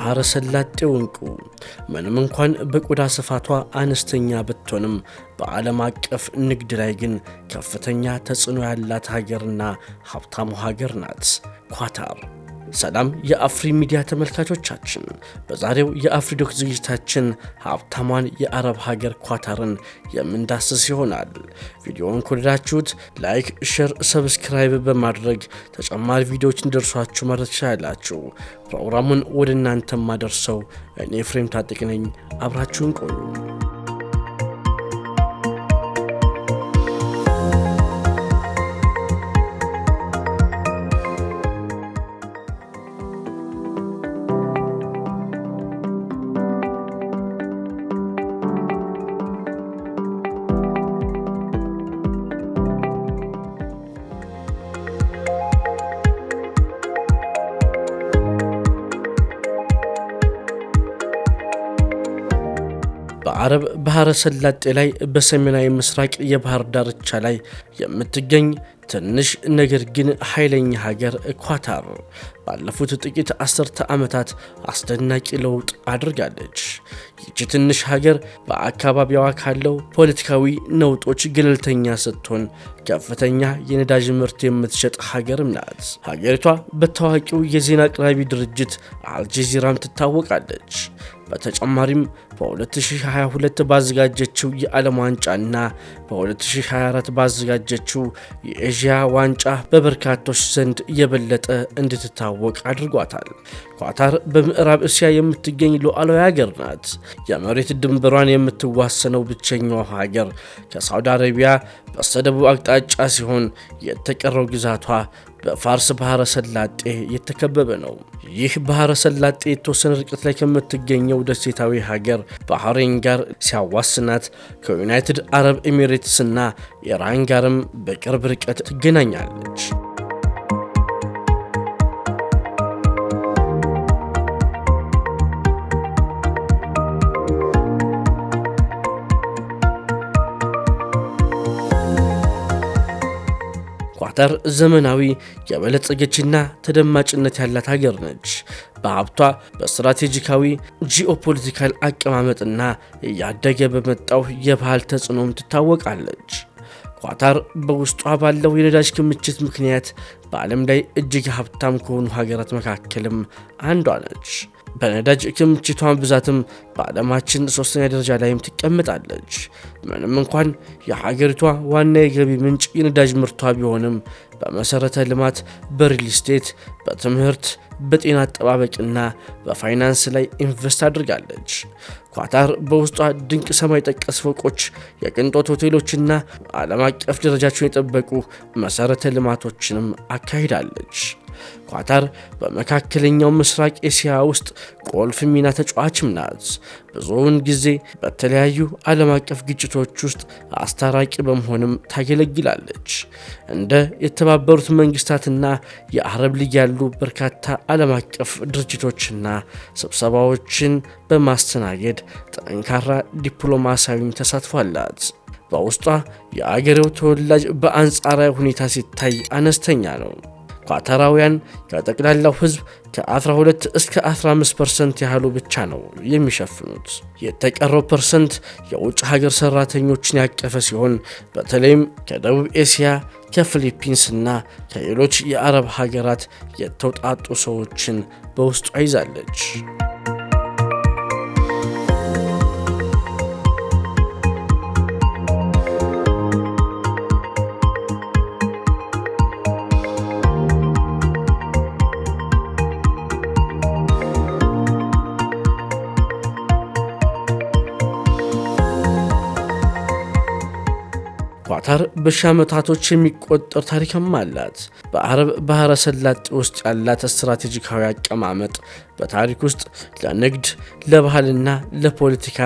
ባህረ ሰላጤው እንቁ ምንም እንኳን በቆዳ ስፋቷ አነስተኛ ብትሆንም በዓለም አቀፍ ንግድ ላይ ግን ከፍተኛ ተጽዕኖ ያላት ሀገርና ሀብታሙ ሀገር ናት ኳታር። ሰላም የአፍሪ ሚዲያ ተመልካቾቻችን፣ በዛሬው የአፍሪዶክ ዝግጅታችን ሀብታሟን የአረብ ሀገር ኳታርን የምንዳስስ ይሆናል። ቪዲዮውን ከወደዳችሁት ላይክ፣ ሼር፣ ሰብስክራይብ በማድረግ ተጨማሪ ቪዲዮዎች እንዲደርሷችሁ ማድረግ ትችላላችሁ። ፕሮግራሙን ወደ እናንተ ማደርሰው እኔ ፍሬም ታጥቅ ነኝ። አብራችሁን ቆዩ። በአረብ ባህረ ሰላጤ ላይ በሰሜናዊ ምስራቅ የባህር ዳርቻ ላይ የምትገኝ ትንሽ ነገር ግን ኃይለኛ ሀገር ኳታር ባለፉት ጥቂት አስርተ ዓመታት አስደናቂ ለውጥ አድርጋለች። ይቺ ትንሽ ሀገር በአካባቢዋ ካለው ፖለቲካዊ ነውጦች ገለልተኛ ስትሆን ከፍተኛ የነዳጅ ምርት የምትሸጥ ሀገርም ናት። ሀገሪቷ በታዋቂው የዜና አቅራቢ ድርጅት አልጀዚራም ትታወቃለች። በተጨማሪም በ2022 ባዘጋጀችው የዓለም ዋንጫና በ2024 ባዘጋጀችው የኤዥያ ዋንጫ በበርካቶች ዘንድ የበለጠ እንድትታወቅ አድርጓታል። ኳታር በምዕራብ እስያ የምትገኝ ሉዓላዊ ሀገር ናት። የመሬት ድንበሯን የምትዋሰነው ብቸኛው ሀገር ከሳውዲ አረቢያ በስተደቡብ አቅጣጫ ሲሆን የተቀረው ግዛቷ በፋርስ ባህረ ሰላጤ የተከበበ ነው። ይህ ባህረ ሰላጤ የተወሰነ ርቀት ላይ ከምትገኘው ደሴታዊ ሀገር ባህሬን ጋር ሲያዋስናት ከዩናይትድ አረብ ኤሚሬትስና ኢራን ጋርም በቅርብ ርቀት ትገናኛለች። ኳታር ዘመናዊ የበለጸገችና ተደማጭነት ያላት ሀገር ነች። በሀብቷ በስትራቴጂካዊ ጂኦፖለቲካል አቀማመጥና እያደገ በመጣው የባህል ተጽዕኖም ትታወቃለች። ኳታር በውስጧ ባለው የነዳጅ ክምችት ምክንያት በዓለም ላይ እጅግ ሀብታም ከሆኑ ሀገራት መካከልም አንዷ ነች። በነዳጅ ክምችቷን ብዛትም በዓለማችን ሶስተኛ ደረጃ ላይም ትቀምጣለች። ምንም እንኳን የሀገሪቷ ዋና የገቢ ምንጭ የነዳጅ ምርቷ ቢሆንም በመሰረተ ልማት፣ በሪል ስቴት፣ በትምህርት፣ በጤና አጠባበቅና በፋይናንስ ላይ ኢንቨስት አድርጋለች። ኳታር በውስጧ ድንቅ ሰማይ ጠቀስ ፎቆች፣ የቅንጦት ሆቴሎችና ዓለም አቀፍ ደረጃቸውን የጠበቁ መሰረተ ልማቶችንም አካሂዳለች። ኳታር በመካከለኛው ምስራቅ እስያ ውስጥ ቁልፍ ሚና ተጫዋችም ናት። ብዙውን ጊዜ በተለያዩ ዓለም አቀፍ ግጭቶች ውስጥ አስታራቂ በመሆንም ታገለግላለች። እንደ የተባበሩት መንግስታትና የአረብ ሊግ ያሉ በርካታ ዓለም አቀፍ ድርጅቶችና ስብሰባዎችን በማስተናገድ ጠንካራ ዲፕሎማሲያዊም ተሳትፎ አላት። በውስጧ የአገሬው ተወላጅ በአንጻራዊ ሁኔታ ሲታይ አነስተኛ ነው። ኳታራውያን ከጠቅላላው ህዝብ ከ12 እስከ 15 ፐርሰንት ያህሉ ብቻ ነው የሚሸፍኑት። የተቀረው ፐርሰንት የውጭ ሀገር ሰራተኞችን ያቀፈ ሲሆን በተለይም ከደቡብ ኤስያ ከፊሊፒንስ እና ከሌሎች የአረብ ሀገራት የተውጣጡ ሰዎችን በውስጡ ይዛለች። ኳታር በሺ ዓመታቶች የሚቆጠር ታሪክም አላት። በአረብ ባህረ ሰላጤ ውስጥ ያላት ስትራቴጂካዊ አቀማመጥ በታሪክ ውስጥ ለንግድ፣ ለባህልና ለፖለቲካ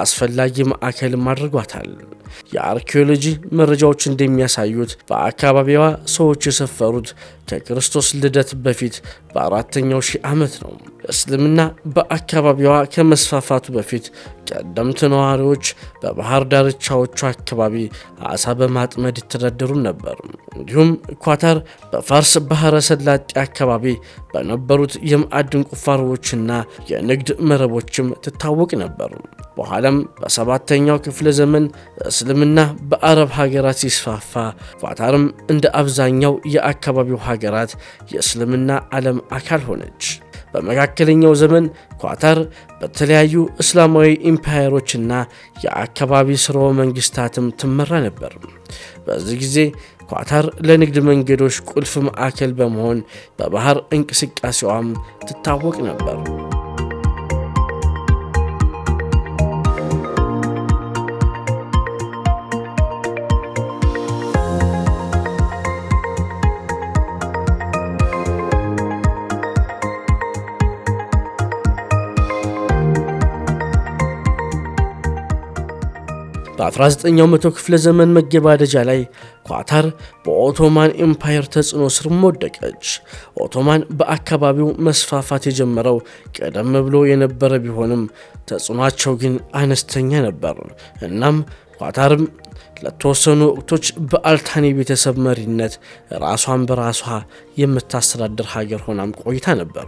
አስፈላጊ ማዕከልም አድርጓታል። የአርኪኦሎጂ መረጃዎች እንደሚያሳዩት በአካባቢዋ ሰዎች የሰፈሩት ከክርስቶስ ልደት በፊት በአራተኛው ሺህ ዓመት ነው። እስልምና በአካባቢዋ ከመስፋፋቱ በፊት ቀደምት ነዋሪዎች በባህር ዳርቻዎቹ አካባቢ አሳ በማጥመድ ይተዳደሩ ነበር። እንዲሁም ኳታር በፋርስ ባህረ ሰላጤ አካባቢ በነበሩት የማዕድን ቁፋሮዎችና የንግድ መረቦችም ትታወቅ ነበር። በኋላም በሰባተኛው ክፍለ ዘመን እስልምና በአረብ ሀገራት ሲስፋፋ ኳታርም እንደ አብዛኛው የአካባቢው ሀገራት የእስልምና ዓለም አካል ሆነች። በመካከለኛው ዘመን ኳታር በተለያዩ እስላማዊ ኢምፓየሮችና የአካባቢ ስርወ መንግስታትም ትመራ ነበር። በዚህ ጊዜ ኳታር ለንግድ መንገዶች ቁልፍ ማዕከል በመሆን በባህር እንቅስቃሴዋም ትታወቅ ነበር። በ19ኛው መቶ ክፍለ ዘመን መገባደጃ ላይ ኳታር በኦቶማን ኤምፓየር ተጽዕኖ ስር ወደቀች። ኦቶማን በአካባቢው መስፋፋት የጀመረው ቀደም ብሎ የነበረ ቢሆንም ተጽዕኖቸው ግን አነስተኛ ነበር። እናም ኳታርም ለተወሰኑ ወቅቶች በአልታኒ ቤተሰብ መሪነት ራሷን በራሷ የምታስተዳድር ሀገር ሆናም ቆይታ ነበር።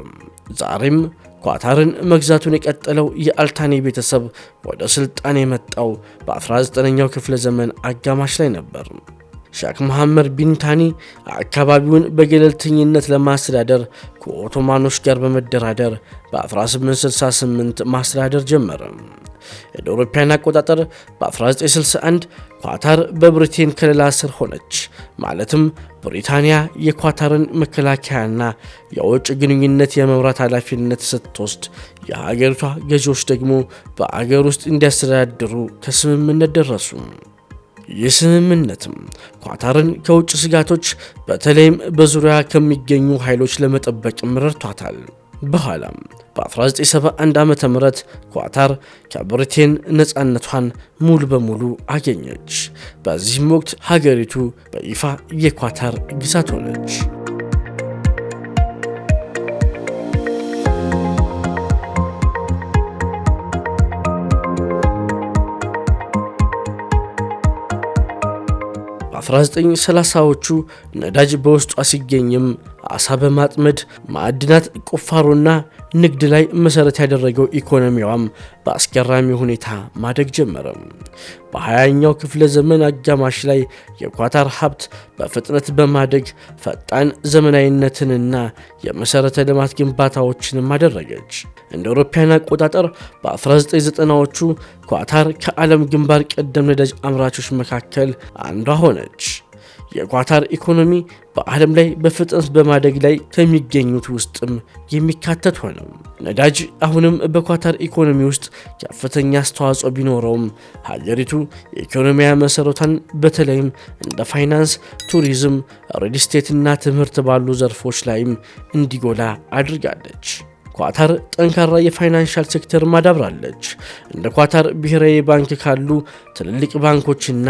ዛሬም ኳታርን መግዛቱን የቀጠለው የአልታኔ ቤተሰብ ወደ ስልጣን የመጣው በ19ኛው ክፍለ ዘመን አጋማሽ ላይ ነበር። ሼክ መሐመድ ቢንታኒ አካባቢውን በገለልተኝነት ለማስተዳደር ከኦቶማኖች ጋር በመደራደር በ1868 ማስተዳደር ጀመረ። እንደ አውሮፓውያን አቆጣጠር በ1961 ኳታር በብሪቴን ከለላ ስር ሆነች። ማለትም ብሪታንያ የኳታርን መከላከያና የውጭ ግንኙነት የመምራት ኃላፊነት ስትወስድ፣ የሀገሪቷ ገዢዎች ደግሞ በአገር ውስጥ እንዲያስተዳድሩ ከስምምነት ደረሱ። ይህ ስምምነትም ኳታርን ከውጭ ስጋቶች በተለይም በዙሪያ ከሚገኙ ኃይሎች ለመጠበቅም ረድቷታል። በኋላም በ1971 ዓ ም ኳታር ከብሪቴን ነፃነቷን ሙሉ በሙሉ አገኘች። በዚህም ወቅት ሀገሪቱ በይፋ የኳታር ግዛት ሆነች። በ1930ዎቹ ነዳጅ በውስጧ ሲገኝም አሳ በማጥመድ ማዕድናት ቁፋሮና ንግድ ላይ መሰረት ያደረገው ኢኮኖሚዋም በአስገራሚ ሁኔታ ማደግ ጀመረ። ኛው ክፍለ ዘመን አጋማሽ ላይ የኳታር ሀብት በፍጥነት በማደግ ፈጣን ዘመናዊነትንና የመሰረተ ልማት ግንባታዎችንም አደረገች። እንደ አውሮፓውያን አቆጣጠር በ1990ዎቹ ኳታር ከዓለም ግንባር ቀደም ነዳጅ አምራቾች መካከል አንዷ ሆነች። የኳታር ኢኮኖሚ በዓለም ላይ በፍጥነት በማደግ ላይ ከሚገኙት ውስጥም የሚካተት ሆነ። ነዳጅ አሁንም በኳታር ኢኮኖሚ ውስጥ ከፍተኛ አስተዋጽኦ ቢኖረውም ሀገሪቱ የኢኮኖሚያ መሰረቷን በተለይም እንደ ፋይናንስ፣ ቱሪዝም፣ ሪል ስቴትና ትምህርት ባሉ ዘርፎች ላይም እንዲጎላ አድርጋለች። ኳታር ጠንካራ የፋይናንሻል ሴክተር ማዳብራለች። እንደ ኳታር ብሔራዊ ባንክ ካሉ ትልልቅ ባንኮችና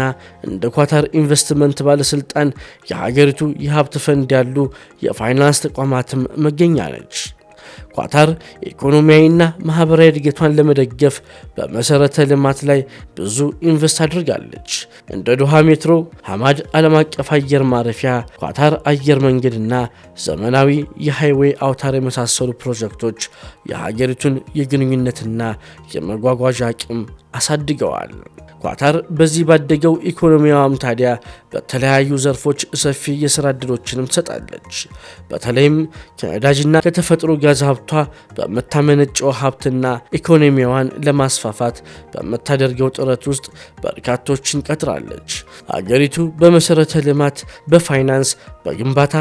እንደ ኳታር ኢንቨስትመንት ባለስልጣን የሀገሪቱ የሀብት ፈንድ ያሉ የፋይናንስ ተቋማትም መገኛ ነች። ኳታር ኢኮኖሚያዊና ማህበራዊ እድገቷን ለመደገፍ በመሰረተ ልማት ላይ ብዙ ኢንቨስት አድርጋለች። እንደ ዶሃ ሜትሮ፣ ሐማድ ዓለም አቀፍ አየር ማረፊያ፣ ኳታር አየር መንገድና ዘመናዊ የሃይዌይ አውታር የመሳሰሉ ፕሮጀክቶች የሀገሪቱን የግንኙነትና የመጓጓዣ አቅም አሳድገዋል። ኳታር በዚህ ባደገው ኢኮኖሚያዋም ታዲያ በተለያዩ ዘርፎች ሰፊ የሥራ ዕድሎችንም ትሰጣለች። በተለይም ከነዳጅና ከተፈጥሮ ጋዝ ሀብቷ በምታመነጨው ሀብትና ኢኮኖሚዋን ለማስፋፋት በምታደርገው ጥረት ውስጥ በርካቶችን ቀጥራለች። አገሪቱ በመሠረተ ልማት፣ በፋይናንስ፣ በግንባታ፣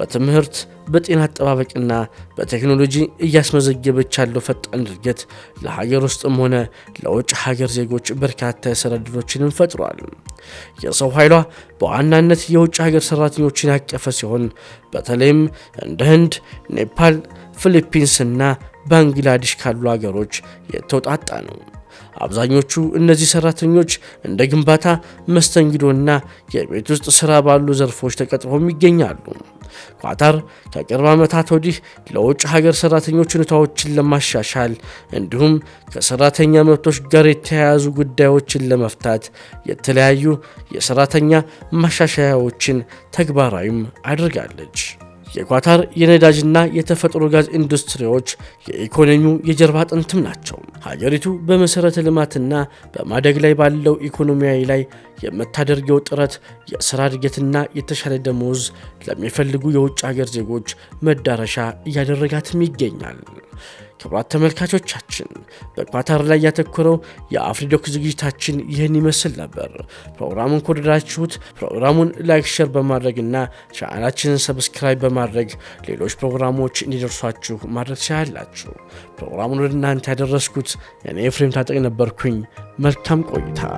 በትምህርት በጤና አጠባበቅና በቴክኖሎጂ እያስመዘገበች ያለው ፈጣን እድገት ለሀገር ውስጥም ሆነ ለውጭ ሀገር ዜጎች በርካታ የስራ እድሎችንም ፈጥሯል። የሰው ኃይሏ በዋናነት የውጭ ሀገር ሰራተኞችን ያቀፈ ሲሆን በተለይም እንደ ህንድ፣ ኔፓል፣ ፊሊፒንስ እና ባንግላዴሽ ካሉ ሀገሮች የተውጣጣ ነው። አብዛኞቹ እነዚህ ሰራተኞች እንደ ግንባታ፣ መስተንግዶና የቤት ውስጥ ስራ ባሉ ዘርፎች ተቀጥረውም ይገኛሉ። ኳታር ከቅርብ ዓመታት ወዲህ ለውጭ ሀገር ሰራተኞች ሁኔታዎችን ለማሻሻል እንዲሁም ከሰራተኛ መብቶች ጋር የተያያዙ ጉዳዮችን ለመፍታት የተለያዩ የሰራተኛ ማሻሻያዎችን ተግባራዊም አድርጋለች። የኳታር የነዳጅና የተፈጥሮ ጋዝ ኢንዱስትሪዎች የኢኮኖሚው የጀርባ አጥንትም ናቸው። ሀገሪቱ በመሠረተ ልማትና በማደግ ላይ ባለው ኢኮኖሚያዊ ላይ የምታደርገው ጥረት የሥራ እድገትና የተሻለ ደሞዝ ለሚፈልጉ የውጭ ሀገር ዜጎች መዳረሻ እያደረጋትም ይገኛል። ክቡራት ተመልካቾቻችን በኳታር ላይ ያተኮረው የአፍሪዶክ ዝግጅታችን ይህን ይመስል ነበር። ፕሮግራሙን ከወደዳችሁት ፕሮግራሙን ላይክ፣ ሼር በማድረግና ቻናላችንን ሰብስክራይብ በማድረግ ሌሎች ፕሮግራሞች እንዲደርሷችሁ ማድረግ ሲያላችሁ ፕሮግራሙን ወደ እናንተ ያደረስኩት እኔ ፍሬም ታጠቅ ነበርኩኝ። መልካም ቆይታ